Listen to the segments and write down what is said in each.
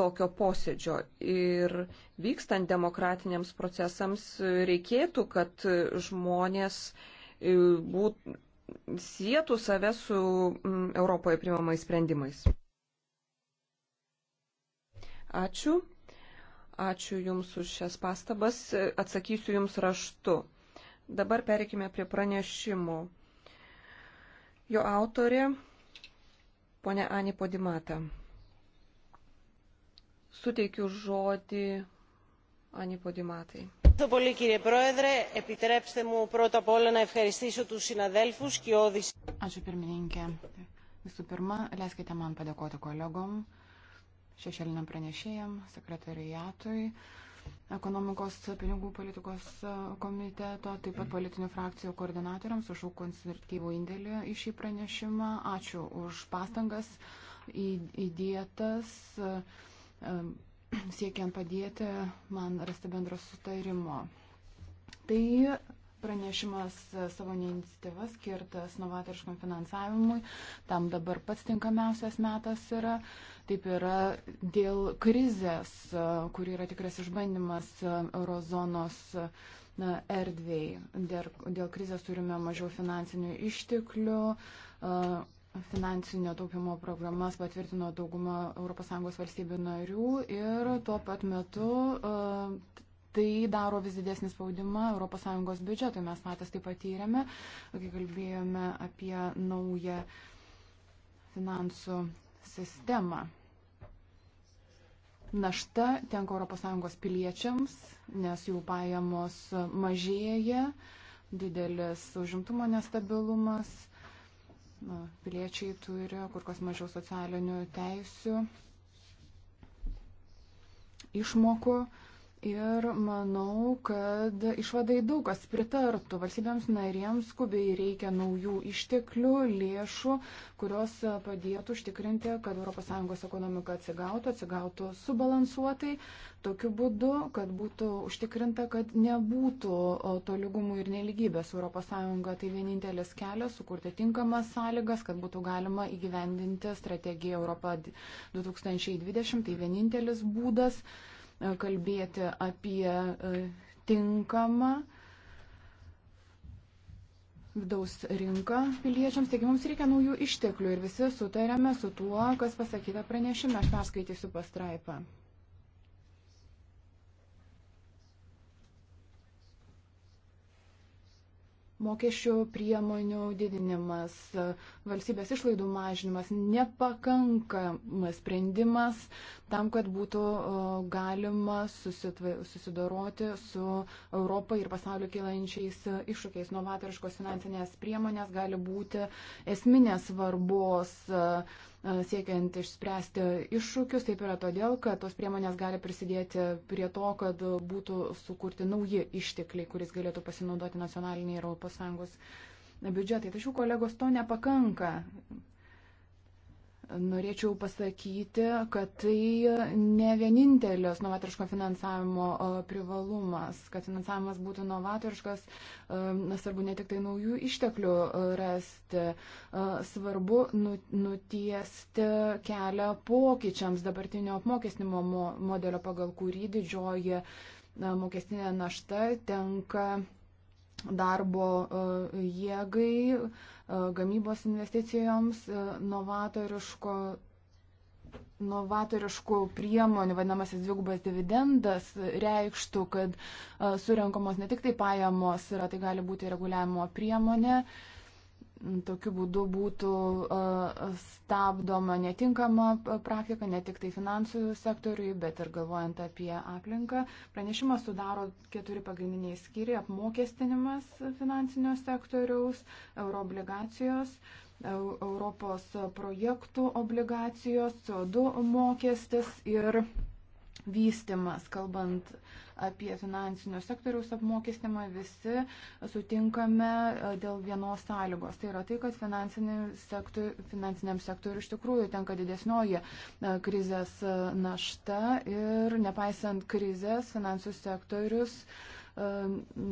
tokio posėdžio. Ir vykstant demokratiniams procesams reikėtų, kad žmonės e, būt, sėtų save su Europoje primamais sprendimais. Ačiū. Ačiū Jums už šias pastabas. Atsakysiu Jums raštu. Dabar pereikime prie pranešimo. Jo autorė, ponia Ani Podimata suteikiu žodį Ani Podimatai. Πολύ, κύριε Πρόεδρε, επιτρέψτε μου πρώτα απ' όλα να ευχαριστήσω τους συναδέλφους και όδης. Ačiū pirmininkė. Visų pirma, leiskite man padėkoti kolegom, šešėliniam pranešėjam, sekretariatui, ekonomikos pinigų politikos komiteto, taip pat politinių frakcijų koordinatoriams už jų konservatyvų indėlį į šį pranešimą. Ačiū už pastangas įdėtas. Uh, siekiant padėti man rasti bendro sutarimo. Tai pranešimas e, savo neiniciatyva skirtas novatoriškam finansavimui, tam dabar pats tinkamiausias metas yra. Taip yra dėl krizės, e, kuri yra tikras išbandymas e, eurozonos na, erdvėjai. Dėl, dėl krizės turime mažiau finansinių išteklių, finansinio taupimo programas patvirtino dauguma ES valstybių narių ir tuo pat metu e, tai daro vis didesnį spaudimą ES biudžetui. Mes patys tai patyrėme, kai kalbėjome apie naują finansų sistemą našta tenka ES piliečiams, nes jų pajamos mažėja, didelis užimtumo nestabilumas piliečiai turi kur kas mažiau socialinių teisių, išmokų. Ir manau, kad išvadai daug kas pritartų. Valstybėms narėms skubiai reikia naujų išteklių, lėšų, kurios padėtų užtikrinti, kad ES ekonomika atsigautų, atsigautų subalansuotai, tokiu būdu, kad būtų užtikrinta, kad nebūtų tolygumų ir neligybės ES. Tai vienintelis kelias sukurti tinkamas sąlygas, kad būtų galima įgyvendinti strategiją Europą 2020. Tai vienintelis būdas kalbėti apie e, tinkamą vidaus rinką piliečiams, taigi mums reikia naujų išteklių ir visi sutarėme su tuo, kas pasakyta pranešime, aš perskaitysiu pastraipą. mokesčių priemonių didinimas, valstybės išlaidų mažinimas nepakankamas sprendimas tam, kad būtų galima susidoroti su Europai ir pasaulio kylančiais e, iššūkiais. Novatoriškos finansinės priemonės gali būti esminės svarbos e, siekiant išspręsti iššūkius, taip yra todėl, kad tos priemonės gali prisidėti prie to, kad būtų sukurti nauji ištekliai, kuris galėtų pasinaudoti nacionaliniai ir ES biudžetai. Tačiau kolegos to nepakanka. Norėčiau pasakyti, kad tai ne vienintelis novatoriško finansavimo privalumas, kad finansavimas būtų novatoriškas, svarbu ne tik tai naujų išteklių rasti, svarbu nu, nutiesti kelią pokyčiams dabartinio apmokestinimo modelio, pagal kurį didžioji mokestinė našta tenka darbo jėgai gamybos investicijoms, novatoriško, novatoriškų priemonių, vadinamasis dvigubas dividendas, reikštų, kad surenkamos ne tik tai pajamos yra, tai gali būti reguliavimo priemonė. Uh, Tokiu būdu būtų stabdoma netinkama praktika ne tik tai finansų sektoriui, bet ir galvojant apie aplinką. Pranešimą sudaro keturi pagrindiniai skyriai - apmokestinimas finansinio sektoriaus, euroobligacijos, Europos projektų obligacijos, CO2 mokestis ir vystimas, kalbant apie finansinio sektoriaus apmokestimą, visi sutinkame e, dėl vienos sąlygos. Tai yra tai, kad sektor, finansiniam sektoriu iš tikrųjų tenka didesnioji e, krizės e, našta ir nepaisant krizės finansų sektorius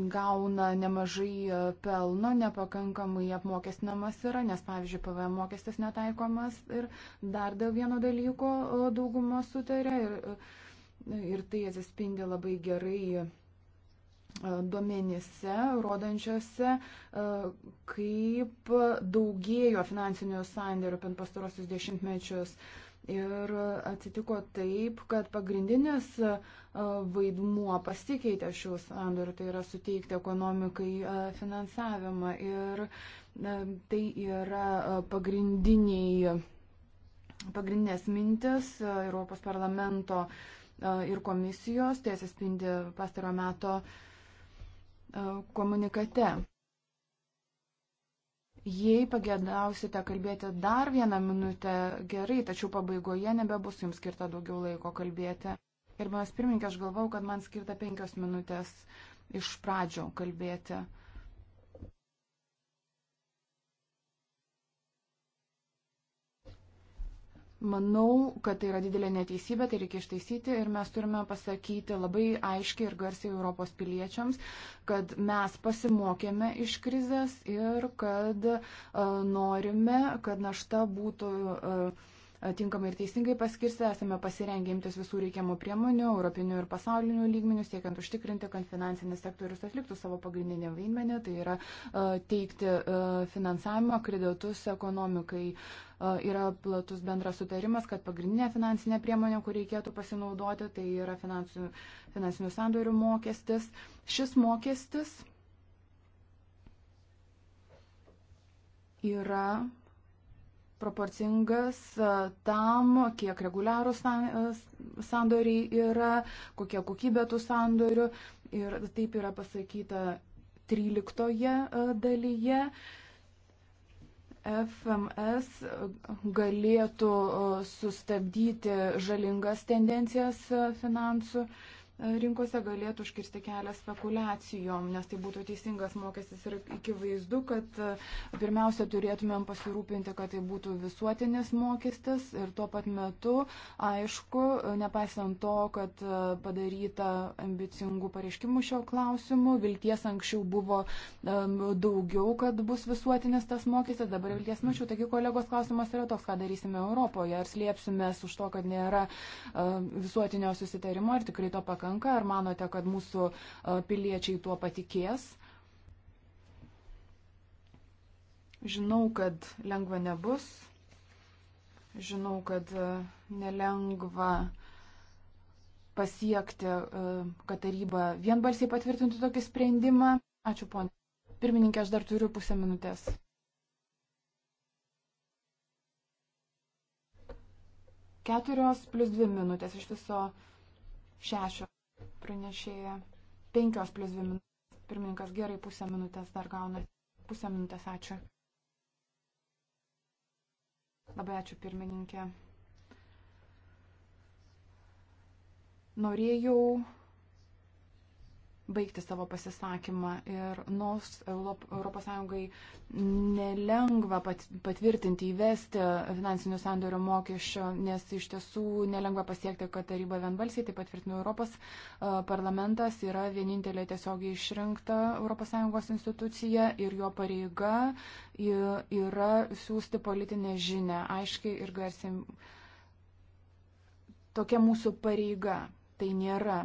gauna nemažai pelno, nepakankamai apmokestinamas yra, nes, pavyzdžiui, PVM mokestis netaikomas ir dar dėl vieno dalyko dauguma sutarė. Ir, ir tai atsispindi labai gerai e, duomenyse, rodančiose, e, kaip daugėjo finansinių sandėrių per pastarosius dešimtmečius. Ir atsitiko taip, kad pagrindinis e, vaidmuo pasikeitė šių sandorių, tai yra suteikti ekonomikai finansavimą. Ir tai yra pagrindiniai, pagrindinės mintis Europos parlamento uh, ir komisijos, tai atsispindi pastaro meto komunikate. Jei pagėdausite kalbėti dar vieną minutę, gerai, tačiau pabaigoje nebebus jums skirta daugiau laiko kalbėti. Ir manas pirmininkė, aš galvau, kad man skirta penkios minutės iš pradžio kalbėti. Manau, kad tai yra didelė neteisybė, tai reikia ištaisyti ir mes turime pasakyti labai aiškiai ir garsiai Europos piliečiams, kad mes pasimokėme iš krizės ir kad uh, norime, kad našta būtų. Uh, Tinkamai ir teisingai paskirsti, esame pasirengę imtis visų reikiamų priemonių, europinių ir pasaulinių lygmenių, siekiant užtikrinti, kad finansinis sektorius atliktų savo pagrindinį vaidmenį, tai yra uh, teikti uh, finansavimą kreditus ekonomikai uh, yra platus bendras sutarimas, kad pagrindinė finansinė priemonė, kur reikėtų pasinaudoti, tai yra finansinių, finansinių sandorių mokestis. Šis mokestis yra proporcingas tam, kiek reguliarūs sandoriai yra, kokia kokybė tų sandorių. Ir taip yra pasakyta 13 dalyje. FMS galėtų sustabdyti žalingas tendencijas finansų rinkose galėtų užkirsti kelią spekulacijom, nes tai būtų teisingas mokestis ir akivaizdu, kad e, pirmiausia turėtumėm pasirūpinti, kad tai būtų visuotinis mokestis ir tuo pat metu, aišku, nepaisant to, kad e, padaryta ambicingų pareiškimų šio klausimu, vilties anksčiau buvo e, daugiau, kad bus visuotinis tas mokestis, dabar vilties mačiau, taigi kolegos klausimas yra toks, ką darysime Europoje, ar slėpsimės už to, kad nėra visuotinio susitarimo, ar tikrai to pakankamai pakanka? Ar manote, kad mūsų e, piliečiai tuo patikės? Žinau, kad lengva nebus. Žinau, kad e, nelengva pasiekti, e, kad taryba vienbalsiai patvirtintų tokį sprendimą. Ačiū, ponė. Pirmininkė, aš dar turiu pusę minutės. keturios plus dvi minutės, iš viso šešios. Pranešėja 5 plus 2 minutės. Pirmininkas gerai pusę minutės dar gauna. Pusę minutės ačiū. Labai ačiū pirmininkė. Norėjau baigti savo pasisakymą. Ir nors ES nelengva patvirtinti, įvesti finansinių sandorių mokesčio, nes iš tiesų nelengva pasiekti, kad taryba vienbalsiai tai patvirtino Europos e, parlamentas, yra vienintelė tiesiogiai išrinkta ES institucija ir jo pareiga yra siūsti politinę žinę, aiškiai ir garsiai. Tokia mūsų pareiga. Tai nėra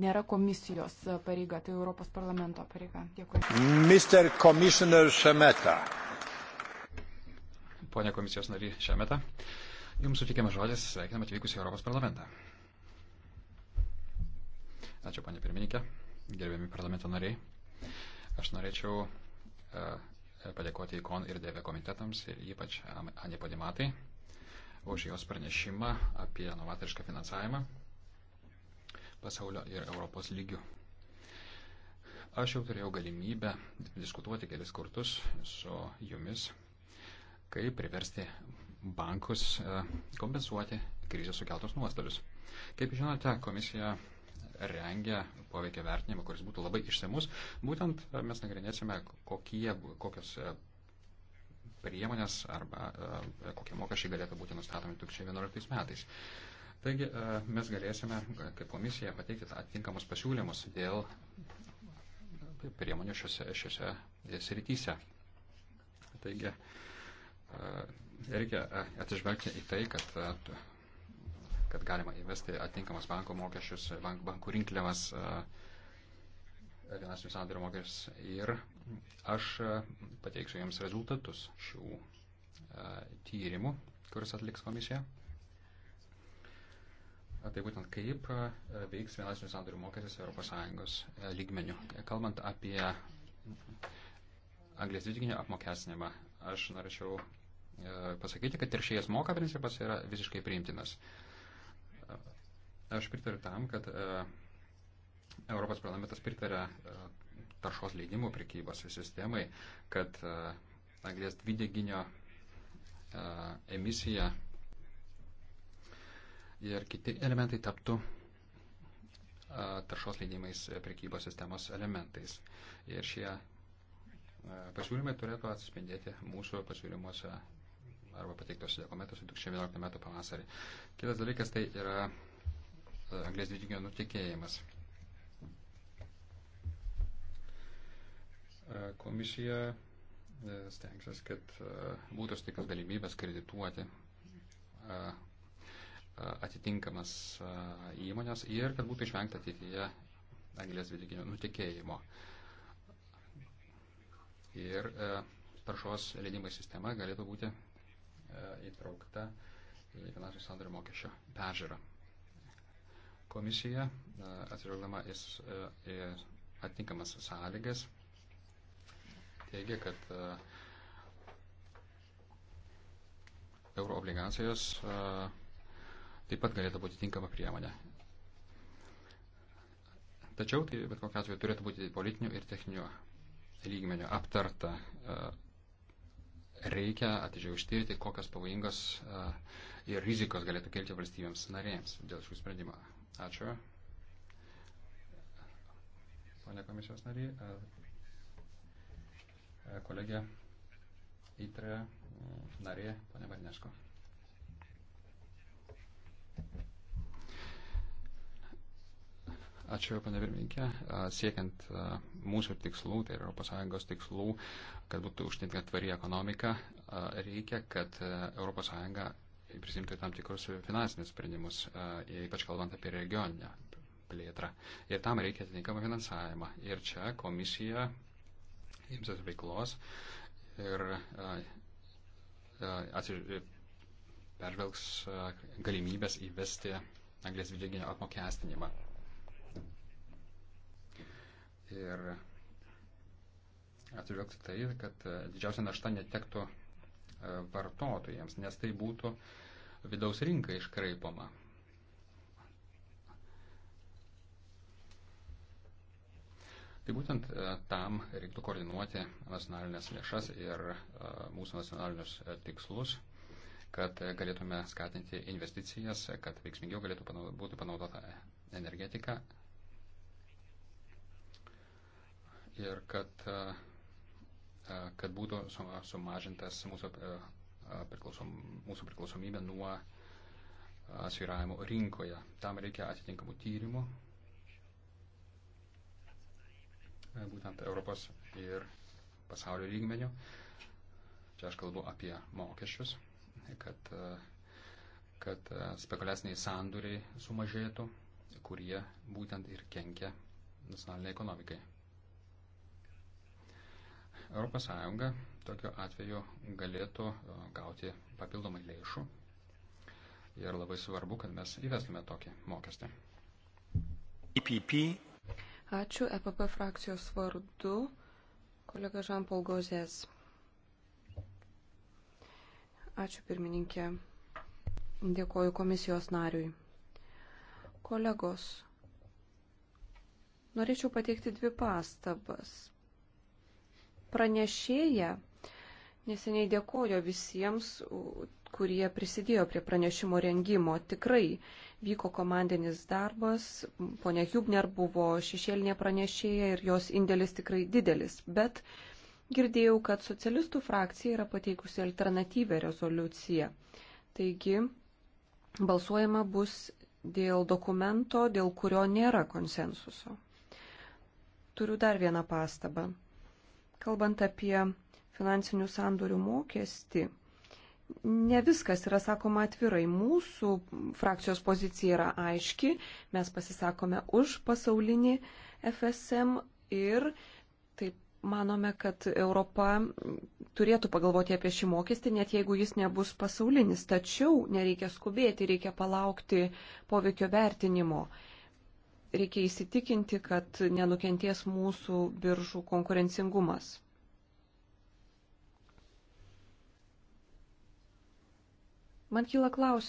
nėra komisijos pareiga, tai Europos parlamento pareiga. Dėkui. Mr. Commissioner Šemeta. Pone komisijos nariai Šemeta, jums sutikiamas žodis, sveikinam atvykus į Europos parlamentą. Ačiū, ponė pirmininkė, gerbiami parlamento nariai. Aš norėčiau uh, padėkoti IKON ir DV komitetams ir ypač Anipodimatai už jos pranešimą apie novatorišką finansavimą pasaulio ir Europos lygių. Aš jau turėjau galimybę diskutuoti kelis kartus su jumis, kaip priversti bankus e, kompensuoti krizės sukeltus nuostolius. Kaip žinote, komisija rengia poveikia vertinimą, kuris būtų labai išsamus. Būtent e, mes nagrinėsime, kokie, kokios e, priemonės arba kokie mokesčiai galėtų būti nustatomi 2011 metais. Taigi e, mes galėsime, kaip komisija, pateikti atitinkamus pasiūlymus dėl priemonių šiose, šiose srityse. Taigi e, reikia e, atsižvelgti į tai, kad, kad galima įvesti atitinkamas banko mokesčius, bank, bankų rinkliavas, finansinių sandorių mokesčius ir aš pateiksiu jums rezultatus šių tyrimų, kuris atliks komisija tai būtent kaip e, veiks finansinių sandorių mokestis ES e, lygmenių. Kalbant apie anglės dvideginio apmokestinimą, aš norėčiau e, pasakyti, kad teršėjas moka principas yra visiškai priimtinas. Aš pritariu tam, kad Europos parlamentas pritarė taršos leidimų prekybos sistemai, kad anglės dvideginio emisija ir kiti elementai taptų taršos leidimais e, prekybos sistemos elementais. Ir šie pasiūlymai turėtų atsispindėti mūsų pasiūlymuose arba pateiktose dokumentuose 2011 metų pavasarį. Kitas dalykas tai yra anglės dvideginio nutekėjimas. Komisija e, stengsis, kad būtų sutikas galimybės kredituoti atitinkamas įmonės ir kad būtų išvengta ateityje anglės dvideginio nutekėjimo. Ir taršos leidimai sistema galėtų būti įtraukta į finansų sandario mokesčio peržiūrą. Komisija, atsižvelgdama į atitinkamas sąlygas, teigia, kad euro obligacijos uh, taip pat galėtų būti tinkama priemonė. Tačiau tai bet kokiu atveju turėtų būti politinių ir techninių lygmenių aptarta. Reikia atidžiai ištirti, kokios pavojingos e, ir rizikos galėtų kelti valstybėms narėms dėl šių sprendimų. Ačiū. Pane komisijos nariai, e, e, kolegė, įtrė, narė, pane Varnesko. Ačiū, pana Virminkė. Siekiant mūsų tikslų, tai yra ES tikslų, kad būtų užtinka tvari ekonomika, reikia, kad ES prisimtų tam tikrus finansinius sprendimus, ypač kalbant apie regioninę plėtrą. Ir tam reikia atitinkamą finansavimą. Ir čia komisija imsis veiklos ir atsiž... peržvelgs galimybės įvesti anglės dvideginio apmokestinimą ir atsižvelgti tai, kad e, didžiausia našta netektų e, vartotojams, nes tai būtų vidaus rinka iškraipoma. Tai būtent e, tam reiktų koordinuoti nacionalinės lėšas ir mūsų nacionalinius tikslus, kad galėtume skatinti investicijas, kad veiksmingiau galėtų būti panaudota energetika ir kad, e, e, kad būtų sumažintas mūsų, e, priklausom, mūsų priklausomybė nuo sviravimo rinkoje. Tam reikia atitinkamų tyrimų, būtent Europos ir pasaulio lygmenio. Čia aš kalbu apie mokesčius, kad, kad spekuliaciniai sanduriai sumažėtų, kurie būtent ir kenkia nacionaliniai ekonomikai. ES tokiu atveju galėtų e, gauti papildomai lėšų. Ir labai svarbu, kad mes įvestume tokį mokestį. EPP. Ačiū EPP frakcijos vardu, kolega Žampol Gozės. Ačiū pirmininkė. Dėkoju komisijos nariui. Kolegos, norėčiau pateikti dvi pastabas pranešėja neseniai dėkojo visiems, kurie prisidėjo prie pranešimo rengimo. Tikrai vyko komandinis darbas, ponia Hubner buvo šešėlinė pranešėja ir jos indėlis tikrai didelis. Bet girdėjau, kad socialistų frakcija yra pateikusi alternatyvę rezoliuciją. Taigi balsuojama bus dėl dokumento, dėl kurio nėra konsensuso. Turiu dar vieną pastabą. Kalbant apie finansinių sandorių mokestį, ne viskas yra sakoma atvirai. Mūsų frakcijos pozicija yra aiški, mes pasisakome už pasaulinį FSM ir taip manome, kad Europa turėtų pagalvoti apie šį mokestį, net jeigu jis nebus pasaulinis. Tačiau nereikia skubėti, reikia palaukti poveikio vertinimo reikia įsitikinti, kad nenukenties mūsų biržų konkurencingumas. Man kyla, klaus...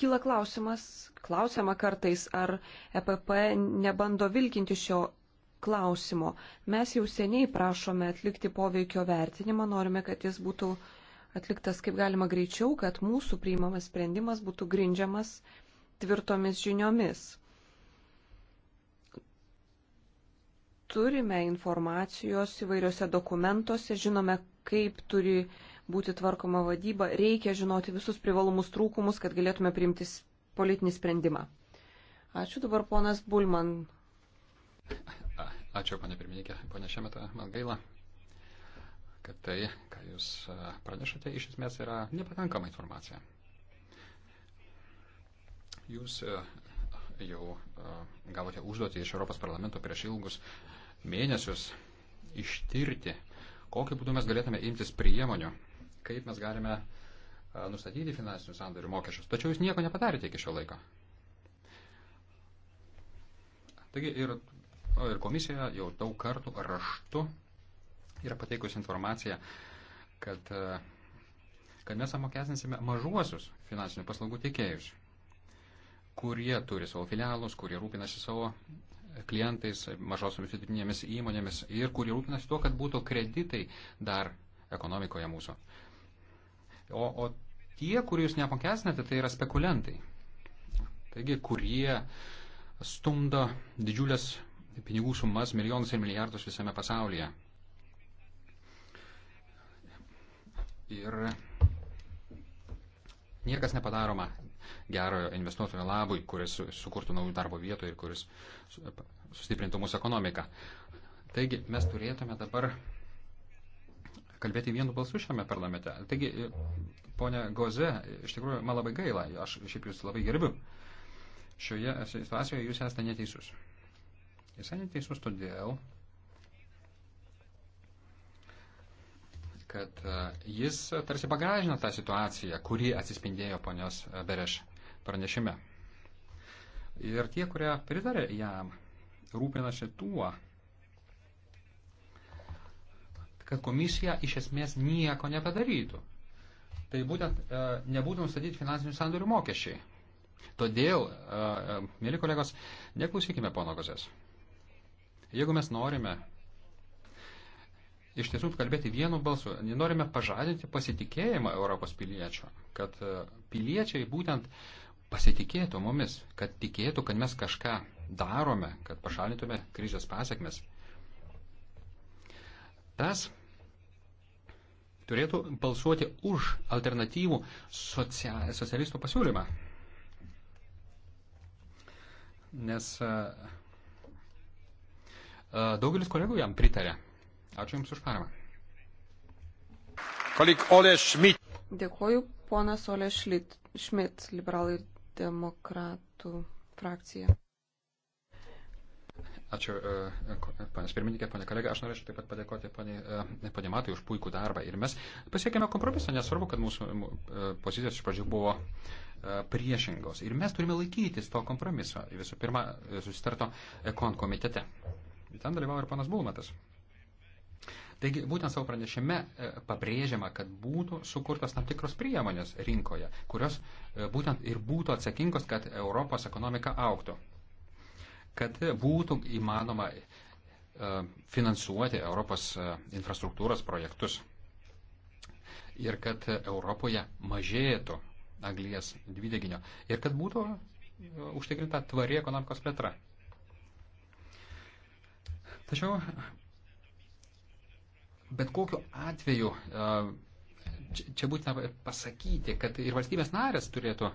kyla klausimas, klausiama kartais, ar EPP nebando vilkinti šio klausimo. Mes jau seniai prašome atlikti poveikio vertinimą, norime, kad jis būtų atliktas kaip galima greičiau, kad mūsų priimamas sprendimas būtų grindžiamas tvirtomis žiniomis. turime informacijos įvairiuose dokumentuose, žinome, kaip turi būti tvarkoma vadyba, reikia žinoti visus privalumus trūkumus, kad galėtume priimti politinį sprendimą. Ačiū dabar ponas Bulman. Ačiū, ponė pirmininkė, ponė Šemeta, man gaila, kad tai, ką jūs pranešate, iš esmės yra nepakankama informacija. Jūs jau gavote užduotį iš Europos parlamento prieš ilgus mėnesius ištirti, kokiu būdu mes galėtume imtis priemonių, kaip mes galime nustatyti finansinių sandorių mokesčius. Tačiau jūs nieko nepadarėte iki šio laiko. Taigi ir, ir komisija jau daug kartų raštu yra pateikusi informaciją, kad, kad mes apmokestinsime mažuosius finansinių paslaugų teikėjus, kurie turi savo filialus, kurie rūpinasi savo klientais, mažosiomis vidutinėmis įmonėmis ir kurie rūpinasi tuo, kad būtų kreditai dar ekonomikoje mūsų. O, o tie, kurių jūs neapmokestinate, tai yra spekuliantai. Taigi, kurie stumdo didžiulės pinigų sumas, milijonus ir milijardus visame pasaulyje. Ir niekas nepadaroma gerojo investuotojo labui, kuris sukurtų naujų darbo vietų ir kuris sustiprintų mūsų ekonomiką. Taigi mes turėtume dabar kalbėti vienu balsu šiame parlamente. Taigi, ponia Goze, iš tikrųjų, man labai gaila, aš šiaip jūs labai gerbiu. Šioje situacijoje jūs esate neteisus. Jūs esate neteisus todėl, kad e, jis tarsi pagažino tą situaciją, kuri atsispindėjo ponios Bereš pranešime. Ir tie, kurie pritarė jam, rūpinasi tuo, kad komisija iš esmės nieko nepadarytų. Tai būtent e, nebūtų nustatyti finansinių sandorių mokesčiai. Todėl, e, e mėly kolegos, neklausykime pono Gozės. Jeigu mes norime iš tiesų kalbėti vienu balsu. Norime pažadinti pasitikėjimą Europos piliečio, kad e, piliečiai būtent pasitikėtų mumis, kad tikėtų, kad mes kažką darome, kad pašalintume krizės pasiekmes. Tas turėtų balsuoti už alternatyvų socia socialistų pasiūlymą. Nes a, e, a, e, daugelis kolegų jam pritarė. Ačiū Jums už paramą. Dėkuoju, ponas Ole Šmit, liberalai demokratų frakcija. Ačiū, e, e, panas pirmininkė, ponė kolega. Aš norėčiau taip pat padėkoti ponė e, Matai už puikų darbą. Ir mes pasiekėme kompromisą, nesvarbu, kad mūsų pozicijos iš pradžių buvo priešingos. Ir mes turime laikytis to kompromiso. Visų pirma, susitarto Ekon komitete. Ten dalyvavo ir panas Bulmatas. Taigi būtent savo pranešime e, pabrėžiama, kad būtų sukurtos tam tikros priemonės rinkoje, kurios e, būtent ir būtų atsakingos, kad Europos ekonomika auktų, kad būtų įmanoma e, finansuoti Europos infrastruktūros projektus ir kad Europoje mažėtų anglijas dvideginio ir kad būtų užtikrinta tvari ekonomikos plėtra. Tačiau bet kokiu atveju čia būtina pasakyti, kad ir valstybės narės turėtų,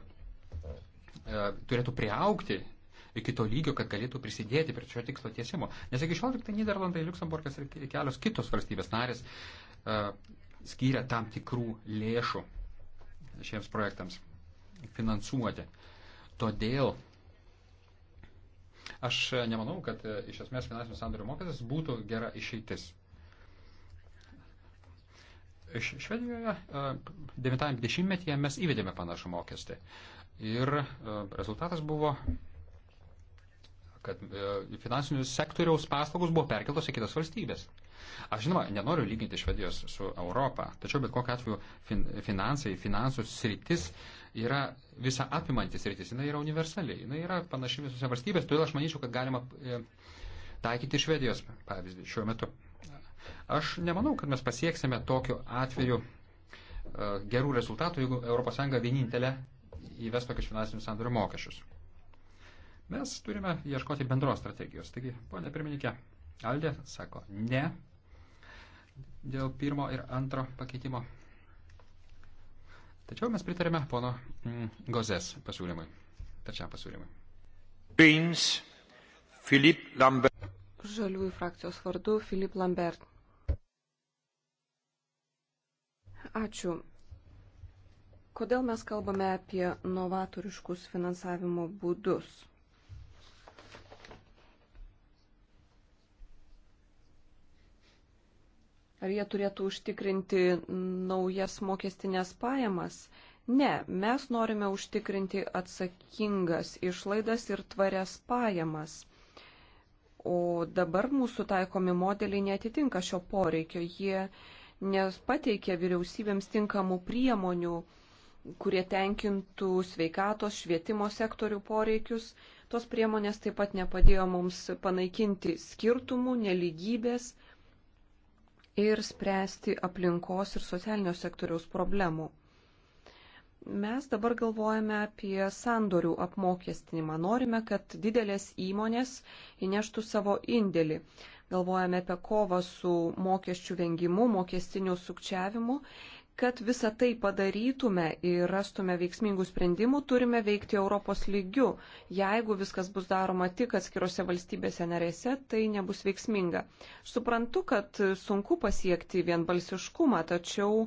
turėtų priaukti iki to lygio, kad galėtų prisidėti prie šio tikslo tiesimo. Nes iki šiol tik tai Niderlandai, Luksemburgas ir kelios kitos valstybės narės skyrė tam tikrų lėšų šiems projektams finansuoti. Todėl aš nemanau, kad e, iš esmės finansinių sandorių mokestis būtų gera išeitis. Švedijoje 90-metyje e, mes įvedėme panašų mokestį. Ir e, rezultatas buvo, kad e, finansinių sektoriaus paslaugos buvo perkeltos į kitas valstybės. Aš žinoma, nenoriu lyginti Švedijos su Europą, tačiau bet kokiu atveju fin, finansai, finansų sritis yra visa apimantis sritis, jinai yra universaliai, jinai yra panaši visose valstybės, todėl aš manyčiau, kad galima taikyti Švedijos pavyzdį šiuo metu. Aš nemanau, kad mes pasieksime tokiu atveju e, gerų rezultatų, jeigu ES vienintelė įves tokius finansinius sandorių mokesčius. Mes turime ieškoti bendros strategijos. Taigi, ponė pirmininkė, Aldė sako ne dėl pirmo ir antro pakeitimo. Tačiau mes pritarėme pono mm, Gozės pasiūlymui. Tačiam pasiūlymui. James Filip Lambert. Žaliųjų frakcijos vardu Filip Lambert. Ačiū. Kodėl mes kalbame apie novatoriškus finansavimo būdus? Ar jie turėtų užtikrinti naujas mokestinės pajamas? Ne, mes norime užtikrinti atsakingas išlaidas ir tvarias pajamas. O dabar mūsų taikomi modeliai netitinka šio poreikio. Jie nepateikia vyriausybėms tinkamų priemonių, kurie tenkintų sveikatos, švietimo sektorių poreikius. Tos priemonės taip pat nepadėjo mums panaikinti skirtumų, neligybės ir spręsti aplinkos ir socialinio sektoriaus problemų. Mes dabar galvojame apie sandorių apmokestinimą. Norime, kad didelės įmonės įneštų savo indėlį galvojame apie kovą su mokesčių vengimu, mokestiniu sukčiavimu. Kad visą tai padarytume ir rastume veiksmingų sprendimų, turime veikti Europos lygiu. Jeigu viskas bus daroma tik atskirose valstybėse narėse, tai nebus veiksminga. Suprantu, kad sunku pasiekti vienbalsiškumą, tačiau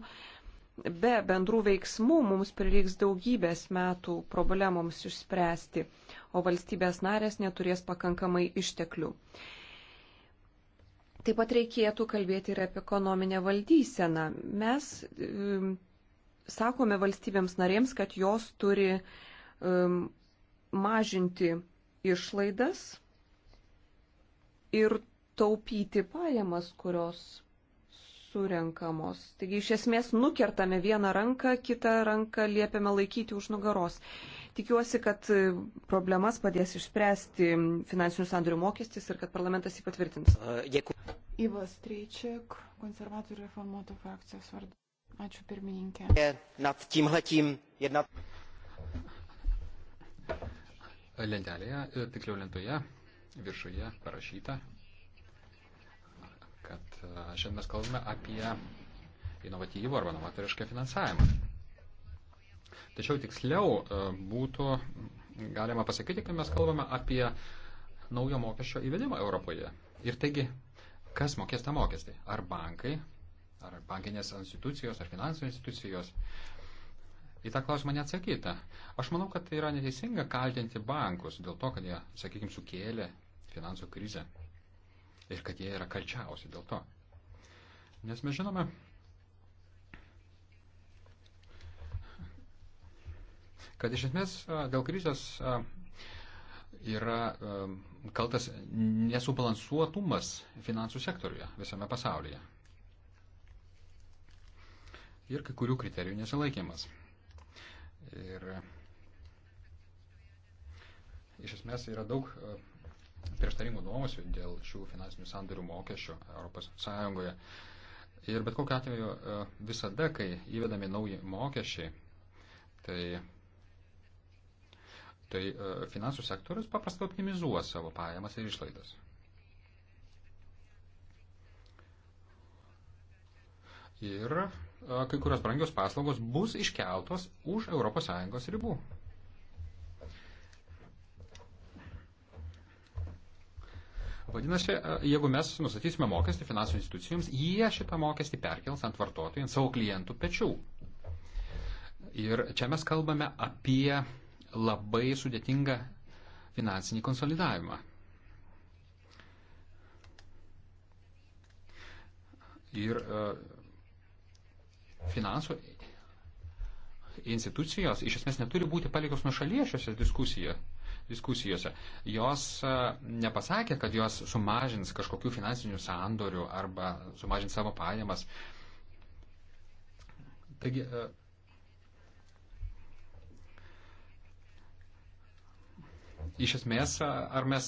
be bendrų veiksmų mums prireiks daugybės metų problemoms išspręsti, o valstybės narės neturės pakankamai išteklių. Taip pat reikėtų kalbėti ir apie ekonominę valdyseną. Mes um, sakome valstybėms narėms, kad jos turi um, mažinti išlaidas ir taupyti pajamas, kurios surenkamos. Taigi iš esmės nukertame vieną ranką, kitą ranką liepiame laikyti už nugaros. Tikiuosi, kad e, problemas padės išspręsti finansinių sandorių mokestis ir kad parlamentas jį patvirtins. Dėkui. Ivas Treičiak, konservatorių reformuotų frakcijos vardu. Ačiū pirmininkė. E, nad tímhletím jednat. Lentelėje, e, tiksliau lentoje, viršuje parašyta, kad šiandien mes kalbame apie inovatyvų arba novatorišką finansavimą. Tačiau tiksliau e, būtų galima pasakyti, kad mes kalbame apie naujo mokesčio įvedimą Europoje. Ir taigi, kas mokės tą mokestį? Ar bankai, ar bankinės institucijos, ar finansų institucijos? Į tą klausimą neatsakyta. Aš manau, kad tai yra neteisinga kaltinti bankus dėl to, kad jie, sakykime, sukėlė finansų krizę. Ir kad jie yra kalčiausi dėl to. Nes mes žinome, kad iš esmės dėl krizės yra kaltas nesubalansuotumas finansų sektoriuje visame pasaulyje. Ir kai kurių kriterijų nesilaikymas. Ir iš esmės yra daug prieštaringų nuomosių dėl šių finansinių sandorių mokesčių Europos Sąjungoje. Ir bet kokiu atveju visada, kai įvedami nauji mokesčiai, tai tai e, finansų sektorius paprastai optimizuos savo pajamas ir išlaidas. Ir e, kai kurios brangios paslaugos bus iškeltos už ES ribų. Vadinasi, e, jeigu mes nustatysime mokestį finansų institucijoms, jie šitą mokestį perkels ant vartotojų, ant savo klientų pečių. Ir čia mes kalbame apie labai sudėtingą finansinį konsolidavimą. Ir e, finansų institucijos iš esmės neturi būti paliktos nuo šalies šiose diskusijose. diskusijose. Jos e, nepasakė, kad jos sumažins kažkokių finansinių sandorių arba sumažins savo pajamas. Taigi, e, iš esmės, ar mes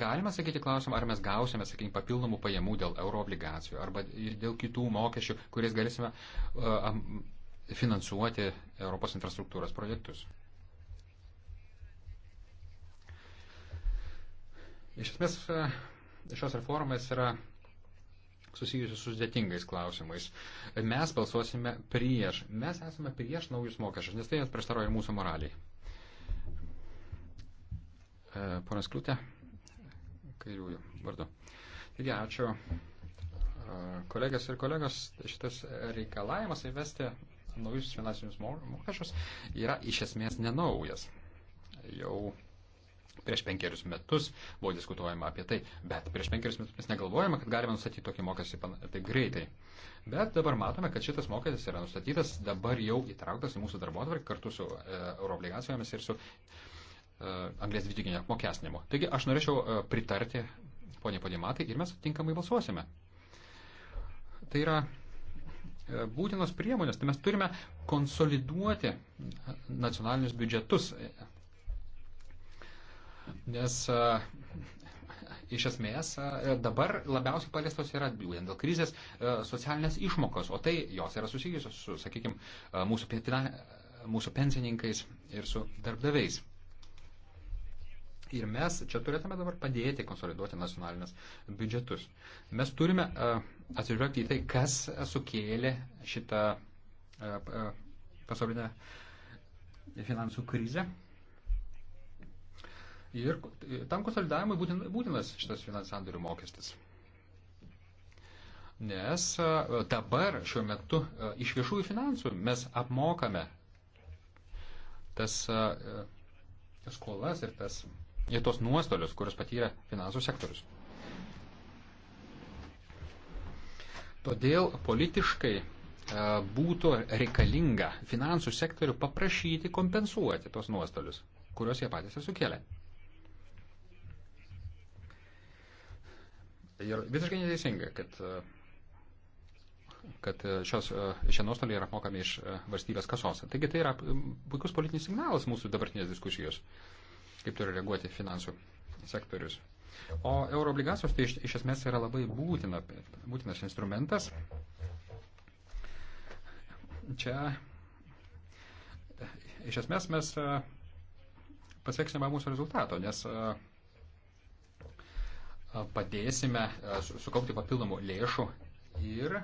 galime sakyti klausimą, ar mes gausime, sakykime, papildomų pajamų dėl euro obligacijų arba ir dėl kitų mokesčių, kuriais galėsime uh, finansuoti Europos infrastruktūros projektus. Iš esmės, šios reformos yra susijusios su sudėtingais klausimais. Mes balsuosime prieš. Mes esame prieš naujus mokesčius, nes tai prieštaroja mūsų moraliai. E, ponas Kliūtė, kairiųjų vardu. Taigi, ačiū e, kolegės ir kolegos. Šitas reikalavimas įvesti naujus finansinius mokesčius yra iš esmės nenaujas. Jau prieš penkerius metus buvo diskutuojama apie tai, bet prieš penkerius metus mes negalvojame, kad galime nustatyti tokį mokestį taip greitai. Bet dabar matome, kad šitas mokestis yra nustatytas, dabar jau įtrauktas į mūsų darbo atvarkį kartu su e, euroobligacijomis ir su e, E, anglės dvideginio apmokestinimo. Taigi aš norėčiau e, pritarti poniai Podimatai ir mes tinkamai balsuosime. Tai yra e, būtinos priemonės, tai mes turime konsoliduoti nacionalinius biudžetus. Nes iš esmės dabar labiausiai paliestos yra būtent dėl krizės socialinės išmokos, o tai jos yra susijusios su, sakykime, mūsų, pietina, mūsų pensininkais ir su darbdaviais. Ir mes čia turėtume dabar padėti konsoliduoti nacionalinius biudžetus. Mes turime e, atsižvelgti į tai, kas sukėlė šitą e, e, pasaulinę finansų krizę. Ir tam konsolidavimui būtinas šitas finansandorių mokestis. Nes dabar šiuo metu iš viešųjų finansų mes apmokame tas skolas ir tas į tos nuostolius, kurios patyrė finansų sektorius. Todėl politiškai e, būtų reikalinga finansų sektorių paprašyti kompensuoti tos nuostolius, kuriuos jie patys ir sukėlė. Ir visiškai neteisinga, kad, e, kad e, šios, šie nuostoliai yra apmokami iš valstybės kasos. Taigi tai yra puikus politinis signalas mūsų dabartinės diskusijos. Uh, kaip turi reaguoti finansų sektorius. O euroobligacijos tai iš, iš esmės yra labai būtina, būtinas instrumentas. Čia iš esmės mes e, pasieksime mūsų rezultato, nes e, padėsime e, sukaupti papildomų lėšų ir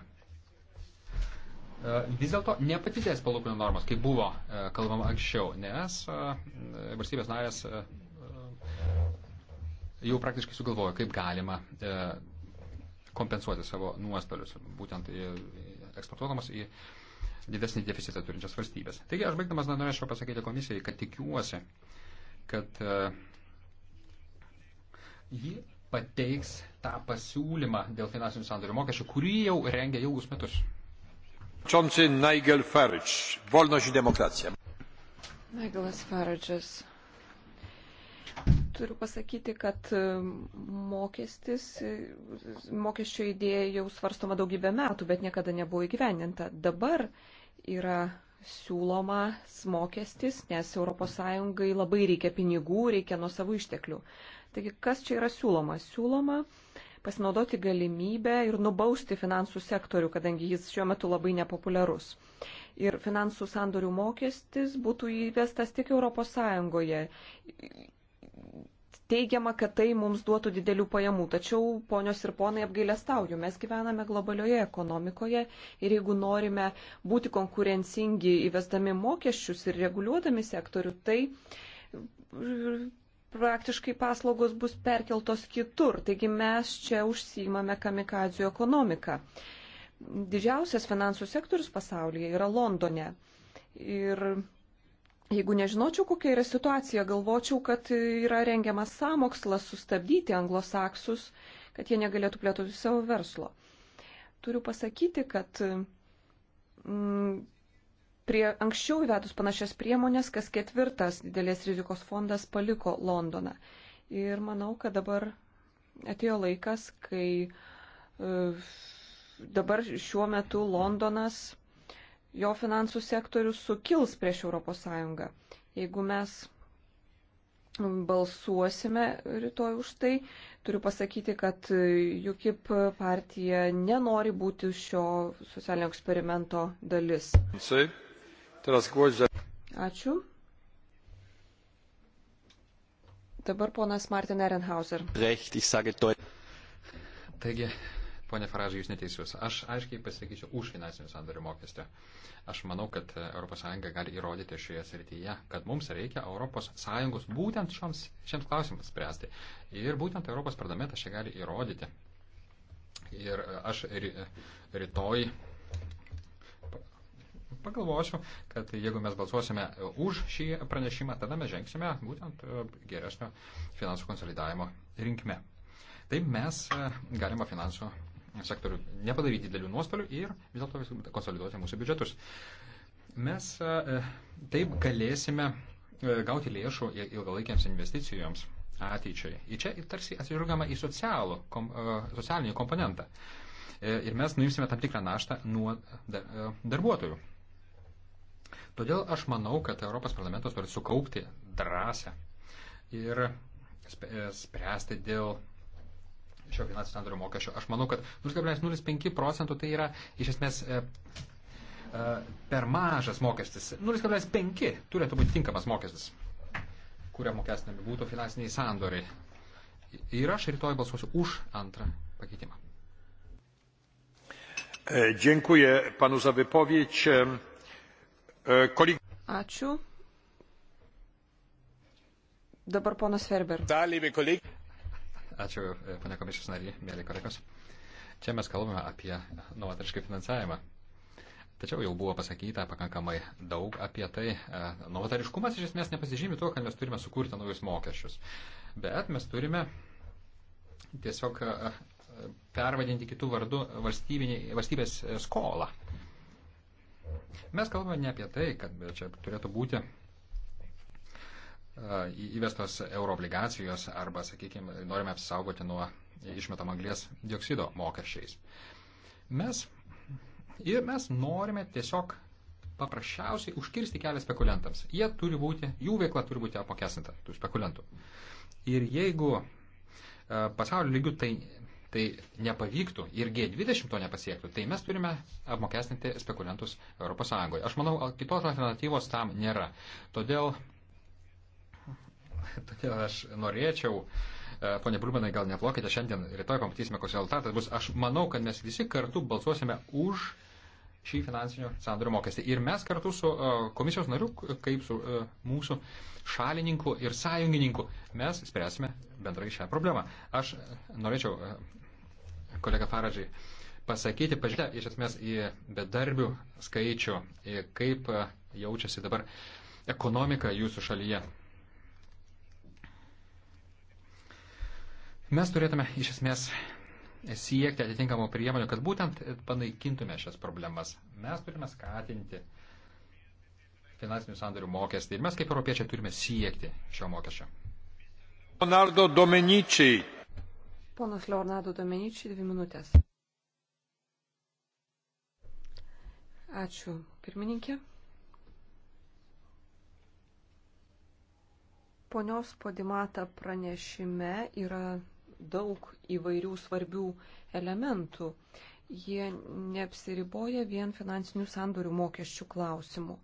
E, vis dėlto nepatidės palūkanų normos, kaip buvo e, kalbama anksčiau, nes e, valstybės narės jau praktiškai sugalvojo, kaip galima kompensuoti savo nuostolius, būtent eksportuodamas į didesnį deficitą turinčias valstybės. Taigi aš baigdamas norėčiau pasakyti komisijai, kad tikiuosi, kad ji pateiks tą pasiūlymą dėl finansinių sandorių mokesčių, kurį jau rengia ilgus metus. Čiansi Nigel Farage, Volność ir demokracija. Nigelas Faradžas. Turiu pasakyti, kad e, mokestis, e, mokesčio idėja jau svarstoma daugybę metų, bet niekada nebuvo įgyveninta. Dabar yra siūlomas mokestis, nes ES labai reikia pinigų, reikia nuo savų išteklių. Taigi, kas čia yra siūloma? Siūloma pasinaudoti galimybę ir nubausti finansų sektorių, kadangi jis šiuo metu labai nepopuliarus. Ir finansų sandorių mokestis būtų įvestas tik ES. Teigiama, kad tai mums duotų didelių pajamų, tačiau ponios ir ponai apgailestauju, mes gyvename globalioje ekonomikoje ir jeigu norime būti konkurencingi įvesdami mokesčius ir reguliuodami sektorių, tai praktiškai paslaugos bus perkeltos kitur. Taigi mes čia užsiimame kamikadzių ekonomiką. Didžiausias finansų sektorius pasaulyje yra Londone. Ir jeigu nežinočiau, kokia yra situacija, galvočiau, kad yra rengiamas samokslas sustabdyti anglosaksus, kad jie negalėtų plėtoti savo verslo. Turiu pasakyti, kad mm, Prie anksčiau įvedus panašias priemonės, kas ketvirtas didelės rizikos fondas paliko Londoną. Ir manau, kad dabar atėjo laikas, kai e, dabar šiuo metu Londonas, jo finansų sektorius sukils prieš ES. Jeigu mes balsuosime rytoj už tai. Turiu pasakyti, kad UKIP partija nenori būti šio socialinio eksperimento dalis. Jisai. Ačiū. Dabar ponas Martin Ehrenhauser. Recht, ich sage Deutsch. Taigi, Pone Faražai, jūs neteisus. Aš aiškiai pasakysiu už finansinių sandorių mokestį. Aš manau, kad ES gali įrodyti šioje srityje, kad mums reikia ES būtent šioms, šiems klausimams spręsti. Ir būtent ES parlamentas čia gali įrodyti. Ir aš rytoj pagalvosiu, kad jeigu mes balsuosime už šį pranešimą, tada mes žengsime būtent e, geresnio finansų konsolidavimo rinkme. Taip mes e, galima finansų sektorių nepadaryti didelių nuostolių ir vis dėlto konsoliduoti mūsų biudžetus. Mes e, taip galėsime gauti lėšų ilgalaikiams investicijoms ateičiai. Ir čia tarsi atsižvelgiama į socialų, kom, socialinį komponentą. Ir mes nuimsime tam tikrą naštą nuo darbuotojų. Todėl aš manau, kad Europos parlamentas turi sukaupti drąsę ir e, spręsti dėl šio finansų sandorio mokesčio. Aš manau, kad 0,05 procentų tai yra iš esmės e, e, per mažas mokestis. 0,5 turėtų būti tinkamas mokestis, kurią mokestinami būtų finansiniai sandoriai. Ir aš rytoj balsuosiu už antrą pakeitimą. E, dziękuję panu za wypowiedź. E, E, Ačiū. Dabar ponas Ferber. Ačiū, pane komisijos nariai, mėly kolegos. Čia mes kalbame apie novatorišką finansavimą. Tačiau jau buvo pasakyta pakankamai daug apie tai. E, Novatariškumas iš esmės nepasižymi tuo, kad mes turime sukurti naujus mokesčius. Bet mes turime tiesiog e, pervadinti kitų vardų valstybės skolą. Mes kalbame ne apie tai, kad čia turėtų būti įvestos euroobligacijos arba, sakykime, norime apsaugoti nuo išmetamo anglės dioksido mokesčiais. Mes, ir mes norime tiesiog paprasčiausiai užkirsti kelią spekuliantams. Jie turi būti, jų veikla turi būti apmokestinta, tų spekuliantų. Ir jeigu pasaulio lygių tai tai nepavyktų ir G20 to nepasiektų, tai mes turime apmokestinti spekuliantus ES. Aš manau, kitos alternatyvos tam nėra. Todėl, todėl aš norėčiau, e, ponė Brumenai, gal neplokite, šiandien, rytoj pamatysime, koks rezultatas bus. Aš manau, kad mes visi kartu balsuosime už šį finansinių sandorių mokestį. Ir mes kartu su e, komisijos nariu, kaip su e, mūsų šalininku ir sąjungininku, mes spręsime bendrai šią problemą. Aš norėčiau kolega Faradžiai pasakyti, pažiūrėti iš esmės į bedarbių skaičių, kaip jaučiasi dabar ekonomika jūsų šalyje. Mes turėtume iš esmės siekti atitinkamų priemonių, kad būtent panaikintume šias problemas. Mes turime skatinti finansinių sandorių mokestį ir mes kaip europiečiai turime siekti šio mokesčio. Leonardo Domeničiai Ponas Leonardo Domeničiai, dvi minutės. Ačiū, pirmininkė. Ponios Podimata pranešime yra daug įvairių svarbių elementų. Jie neapsiriboja vien finansinių sandorių mokesčių klausimų.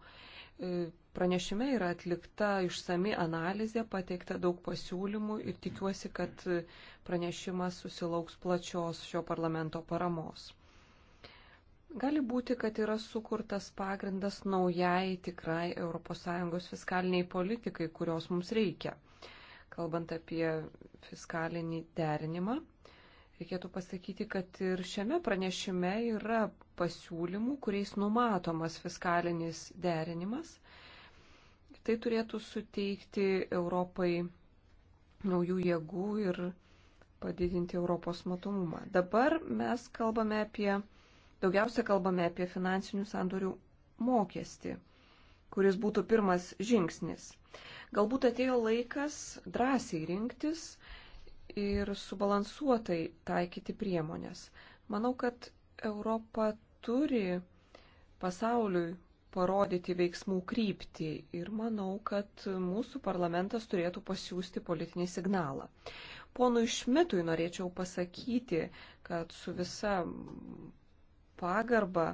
E, pranešime yra atlikta išsami analizė, pateikta daug pasiūlymų ir tikiuosi, kad e, pranešimas susilauks plačios šio parlamento paramos. Gali būti, kad yra sukurtas pagrindas naujai tikrai ES fiskaliniai politikai, kurios mums reikia. Kalbant apie fiskalinį derinimą, Reikėtų pasakyti, kad ir šiame pranešime yra pasiūlymų, kuriais numatomas fiskalinis derinimas. Tai turėtų suteikti Europai naujų jėgų ir padidinti Europos matomumą. Dabar mes kalbame apie, daugiausia kalbame apie finansinių sandorių mokestį, kuris būtų pirmas žingsnis. Galbūt atėjo laikas drąsiai rinktis ir subalansuotai taikyti priemonės. Manau, kad Europa turi pasauliui parodyti veiksmų kryptį ir manau, kad mūsų parlamentas turėtų pasiūsti politinį signalą. Ponui Šmitui norėčiau pasakyti, kad su visa pagarba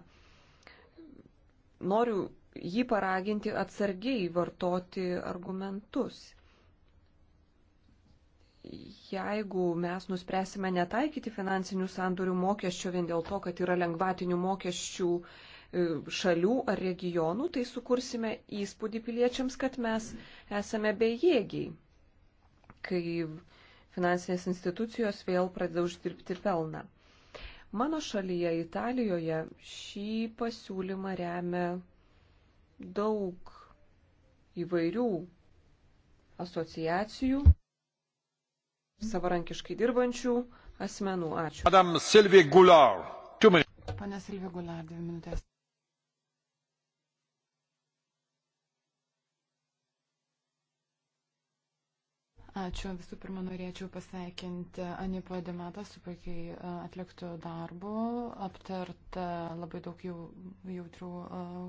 noriu jį paraginti atsargiai vartoti argumentus jeigu mes nuspręsime netaikyti finansinių sandorių mokesčio vien dėl to, kad yra lengvatinių mokesčių e, šalių ar regionų, tai sukursime įspūdį piliečiams, kad mes esame bejėgiai, kai finansinės institucijos vėl pradeda uždirbti pelną. Mano šalyje, Italijoje, šį pasiūlymą remia daug įvairių asociacijų savarankiškai dirbančių asmenų. Ačiū. Pane Silvi Gular, dvi minutės. Ačiū. Visų pirma, norėčiau pasveikinti Anį Padimatą su puikiai e, atliktų darbų, aptarta labai daug jau, jautrių e,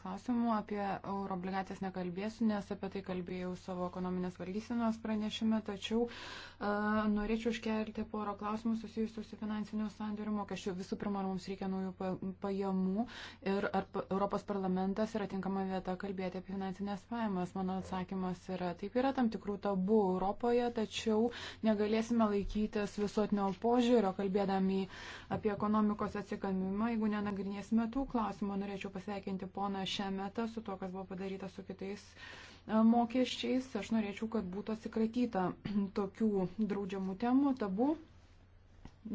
klausimų. Apie euroobligacijas nekalbėsiu, nes apie tai kalbėjau savo ekonominės valdysenos pranešime, tačiau a, e, norėčiau iškelti porą klausimų susijusių su finansiniu sandėriu mokesčiu. Visų pirma, mums reikia naujų pajamų ir ar Europos parlamentas yra tinkama vieta kalbėti apie finansinės pajamas. Mano atsakymas yra, taip yra tam tikrų tabų Europoje, tačiau negalėsime laikytis visuotinio požiūrio, kalbėdami apie ekonomikos atsigamimą, jeigu nenagrinėsime tų klausimų. Norėčiau pasveikinti poną Šemetą su to, kas buvo padaryta su kitais e, mokesčiais. Aš norėčiau, kad būtų atsikratyta tokių draudžiamų temų, tabų.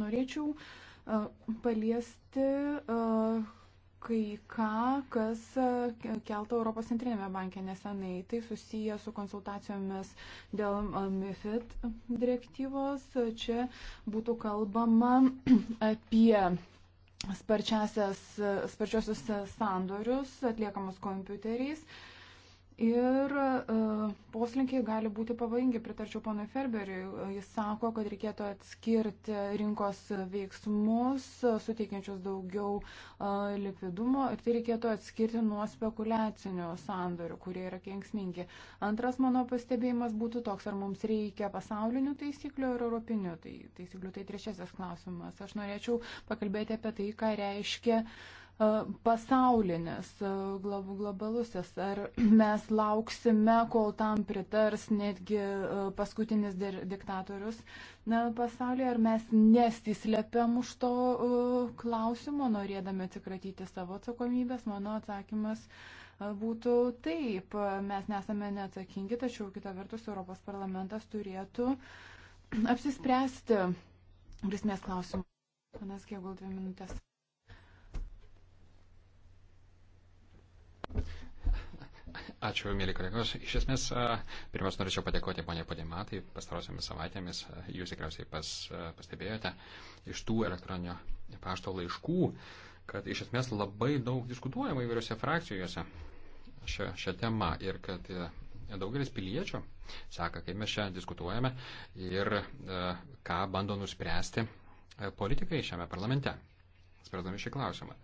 Norėčiau e, paliesti e, kai ką, kas e, keltų Europos centrinėme banke nesenai. Tai susiję su konsultacijomis dėl e, MIFID direktyvos. Čia būtų kalbama apie sparčiosius sandorius atliekamus kompiuteriais. Uh, Ir e, poslinkiai gali būti pavojingi, pritarčiau ponui Ferberiui. Jis sako, kad reikėtų atskirti rinkos veiksmus, suteikiančius daugiau e, likvidumo, ir tai reikėtų atskirti nuo spekuliacinių sandorių, kurie yra kenksmingi. Antras mano pastebėjimas būtų toks, ar mums reikia pasaulinių taisyklių ir europinių tai, taisyklių. Tai trečiasis klausimas. Aš norėčiau pakalbėti apie tai, ką reiškia uh, E, pasaulinis, e, globalusis, ar mes lauksime, kol tam pritars netgi e, paskutinis diktatorius na, pasaulyje, ar mes nesislepiam už to klausimo, norėdami atsikratyti savo atsakomybės, mano atsakymas būtų taip. Mes nesame neatsakingi, tačiau kita vertus Europos parlamentas turėtų apsispręsti grėsmės klausimą. Panas Kiegul, dvi minutės. Ačiū, mėly kolegos. Iš esmės, pirmiausia, norėčiau padėkoti ponė Padimatai. Pastarosiamis savaitėmis jūs tikriausiai pas, pastebėjote iš tų elektroninio pašto laiškų, kad iš esmės labai daug diskutuojama įvairiose frakcijose šią, šią temą ir kad e, daugelis piliečių seka, kaip mes čia diskutuojame ir e, ką bando nuspręsti e, politikai šiame parlamente, spręsdami šį klausimą.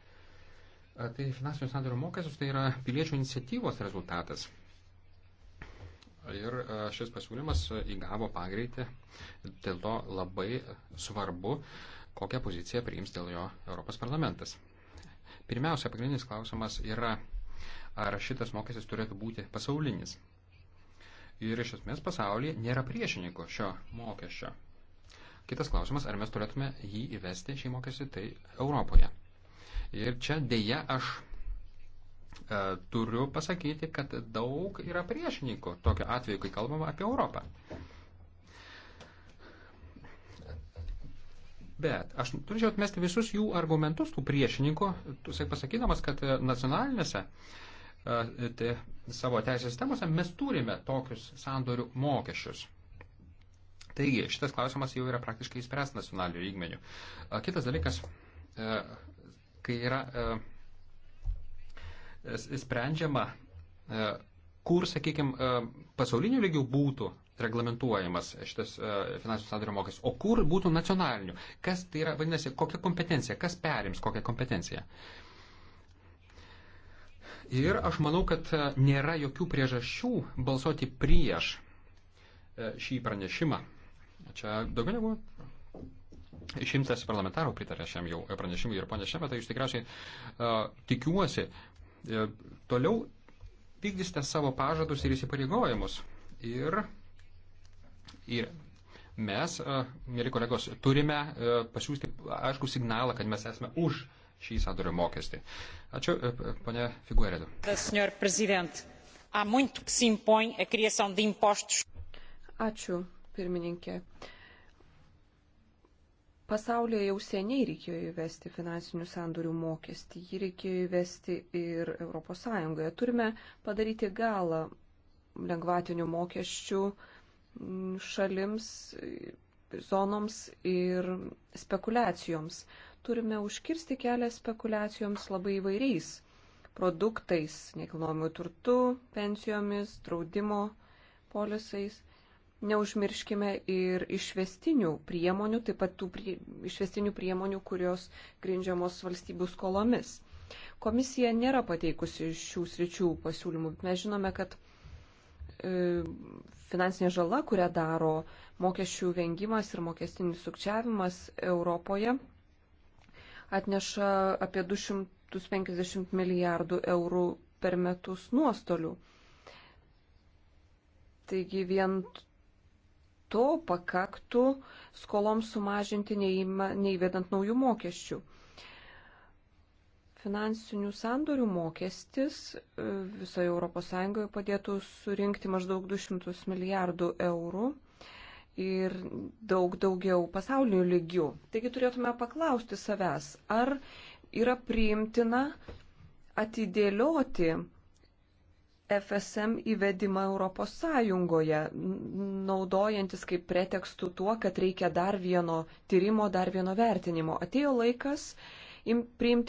Tai finansinių sandorio mokestis tai yra piliečių iniciatyvos rezultatas. Ir e, šis pasiūlymas įgavo pagreitį, dėl to labai svarbu, kokią poziciją priims dėl jo Europos parlamentas. Pirmiausia, pagrindinis klausimas yra, ar šitas mokestis turėtų būti pasaulinis. Ir iš esmės pasaulyje nėra priešininkų šio mokesčio. Kitas klausimas, ar mes turėtume jį įvesti šį mokestį tai Europoje. Ir čia dėja aš e, turiu pasakyti, kad daug yra priešininkų tokio atveju, kai kalbama apie Europą. Bet aš turėčiau atmesti visus jų argumentus, tų priešininkų, sak, pasakydamas, kad nacionalinėse e, te, savo teisės sistemose mes turime tokius sandorių mokesčius. Taigi, šitas klausimas jau yra praktiškai įspręs nacionaliniu lygmeniu. Kitas dalykas, e, kai yra e, sprendžiama, e, kur, sakykime, pasaulinių lygių būtų reglamentuojamas šitas e, finansų sandorio mokestis, o kur būtų nacionaliniu. Kas tai yra, vadinasi, kokia kompetencija, kas perims kokią kompetenciją. Ir aš manau, kad nėra jokių priežasčių balsuoti prieš šį pranešimą. Čia daugiau negu Šimtas parlamentarų pritarė šiam jau pranešimui ir ponė Šemeta, jūs tikriausiai uh, tikiuosi, uh, toliau vykdysite savo pažadus ir įsipareigojimus. Ir, ir mes, uh, mėly kolegos, turime uh, pasiūsti aišku signalą, kad mes esame už šį sandorių mokestį. Ačiū, uh, ponė Figueredu. Ačiū, pirmininkė. Uh, Pasaulyje jau seniai reikėjo įvesti finansinių sandorių mokestį, jį reikėjo įvesti ir ES. Turime padaryti galą lengvatinių mokesčių mm, šalims, zonoms ir spekulacijoms. Turime užkirsti kelią spekulacijoms labai įvairiais produktais, nekilnojimų turtu, pensijomis, draudimo polisais – neužmirškime ir išvestinių priemonių, taip pat tų prie, išvestinių priemonių, kurios grindžiamos valstybių skolomis. Komisija nėra pateikusi šių sričių pasiūlymų, bet mes žinome, kad e, finansinė žala, kurią daro mokesčių vengimas ir mokestinis sukčiavimas Europoje, atneša apie 250 milijardų eurų per metus nuostolių. Taigi vien to pakaktų skoloms sumažinti neįvedant naujų mokesčių. Finansinių sandorių mokestis e, visoje ES padėtų surinkti maždaug 200 milijardų eurų ir daug daugiau pasaulinių lygių. Taigi turėtume paklausti savęs, ar yra priimtina atidėlioti FSM įvedimą Europos Sąjungoje, naudojantis kaip pretekstu tuo, kad reikia dar vieno tyrimo, dar vieno vertinimo. Atėjo laikas priimti